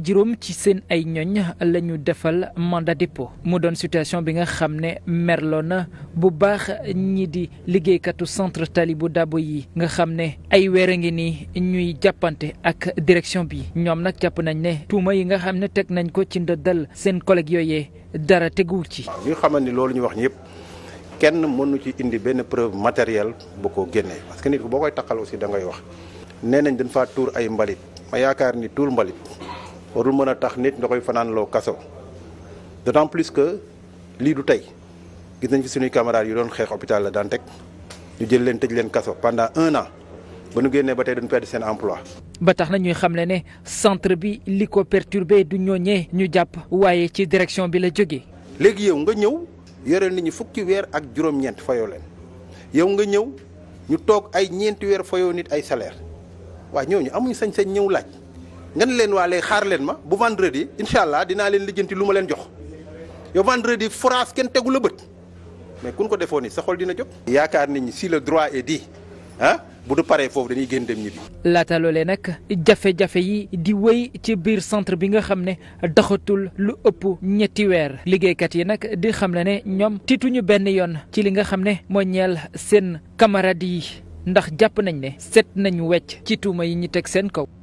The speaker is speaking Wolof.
juróom ci seen ay ñoñ la ñu defal mandat dépôt mu doon situation bi nga xam ne merloo na bu baax ñi di liggéeykatu centre tali bu Dabo yi nga xam ne ay weer a ngi nii ñuy jàppante ak direction bi ñoom nag jàpp nañ ne tuuma yi nga xam ne teg nañ ko ci ndoddal seen collègue yooyee dara teguwul ci. ñu xamal ni loolu ñuy wax ñëpp kenn mënu ci indi benn preuve matérielle bu ko génnee parce que nit ko boo koy takkal aussi da ngay wax nee nañ dañ faa tuur ay mbalit warul mën a tax nit nga koy fanaanloo kaso d'autant plus que lii du tey gis nañ fi suñuy camarades yu doon xeex hôpital la teg ñu jël leen tëj leen kaso pendant un an ba nu génnee ba tey dañu perdre seen emploi. ba tax na ñuy xamle ne centre bi li ko perturbé du ñooñee ñu jàpp waaye ci direction bi la jógee. léegi yow nga ñëw yoreel nit ñi fukki weer ak juróom-ñeent fayoo leen yow nga ñëw ñu toog ay ñeenti weer fayoo nit ay salaire waaw ñooñu amuñu sañ-sañ ñëw laaj. nga leen waa léegi xaar leen ma bu vendredi incha allah dinaa leen lijjanti lu ma leen jox yow vendredi forage kenn tegu la bët mais kun ko defoon ni sa xol dina jóg. yaakaar nañu si le droit et di ah bu du paree foofu dañuy génn dem ñibbi. laata loolee nag jafe-jafe yi di wéy ci biir centre bi nga xam ne doxatul lu ëpp ñetti weer liggéeykat yi nag di xam ne ne ñoom tiituñu benn yoon ci li nga xam ne moo ñeel seen camarades yi ndax jàpp nañ ne set nañu wecc ci tuuma yi ñu teg seen kaw.